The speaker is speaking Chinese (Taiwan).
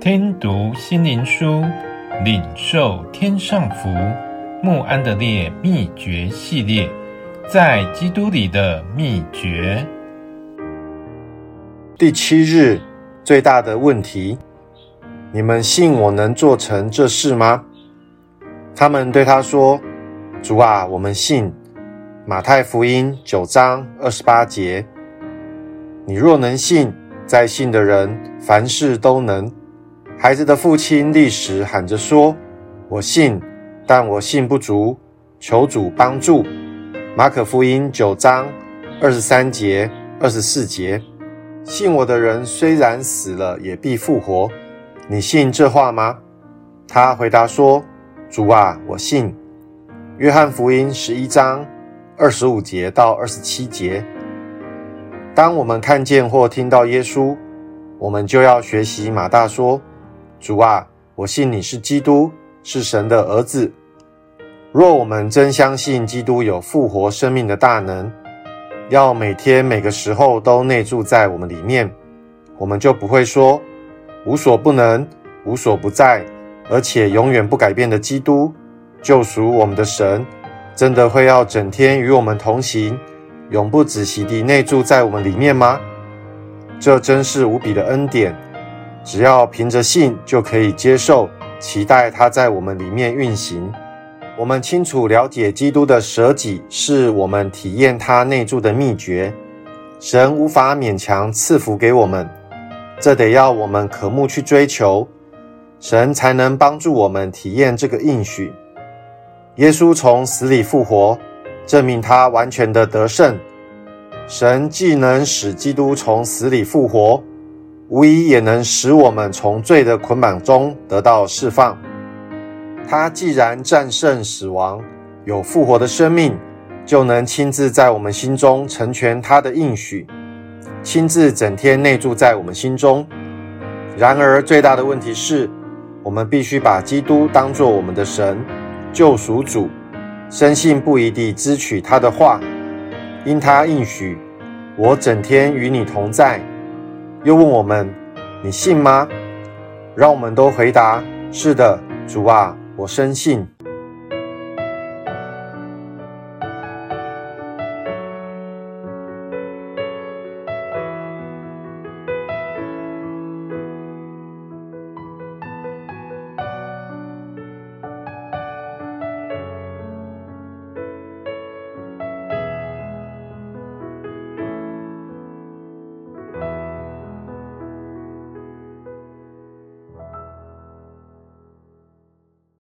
聽讀心靈書，領受天上福。慕安德烈秘訣系列，在基督裡的秘訣。第七日，最大的問題：你們信我能做成這事嗎？他們對他說：“主啊，我們信。”馬太福音九章二十八節：“你若能信，在信的人凡事都能。”孩子的父親立時喊着說：“我信，但我信不足，求主幫助。”馬可福音九章二十三節、二十四節：“信我的人雖然死了，也必復活。”你信這話嗎？她回答說：“主啊，我信。”約翰福音十一章二十五節到二十七節：“當我們看見或聽到耶穌，我們就要學習馬大說。”主啊，我信你是基督，是神的兒子。若我們真相信基督有復活生命的大能，要每天每個時候都內住在我們裡面，我們就不會說無所不能、無所不在，而且永遠不改變的基督救贖我們的神，真的會要整天與我們同行，永不止息地內住在我們裡面嗎？這真是無比的恩典。只要憑着信就可以接受，期待它在我們裡面運行。我們清楚了解，基督的捨己是我們體驗他內住的祕訣。神無法勉強賜福給我們，這得要我們渴慕去追求，神才能幫助我們體驗這個應許。耶穌從死裡復活，證明他完全的得勝。神既能使基督從死裡復活。無疑也能使我們從罪的捆綁中得到釋放。他既然戰勝死亡，有復活的生命，就能親自在我們心中成全他的應許，親自整天內住在我們心中。然而最大的問題是，我們必須把基督當作我們的神、救贖主，深信不疑地支取他的話，因他應許：「我整天與你同在。」又問我們：“你信嗎？”讓我們都回答：“是的，主啊，我深信。”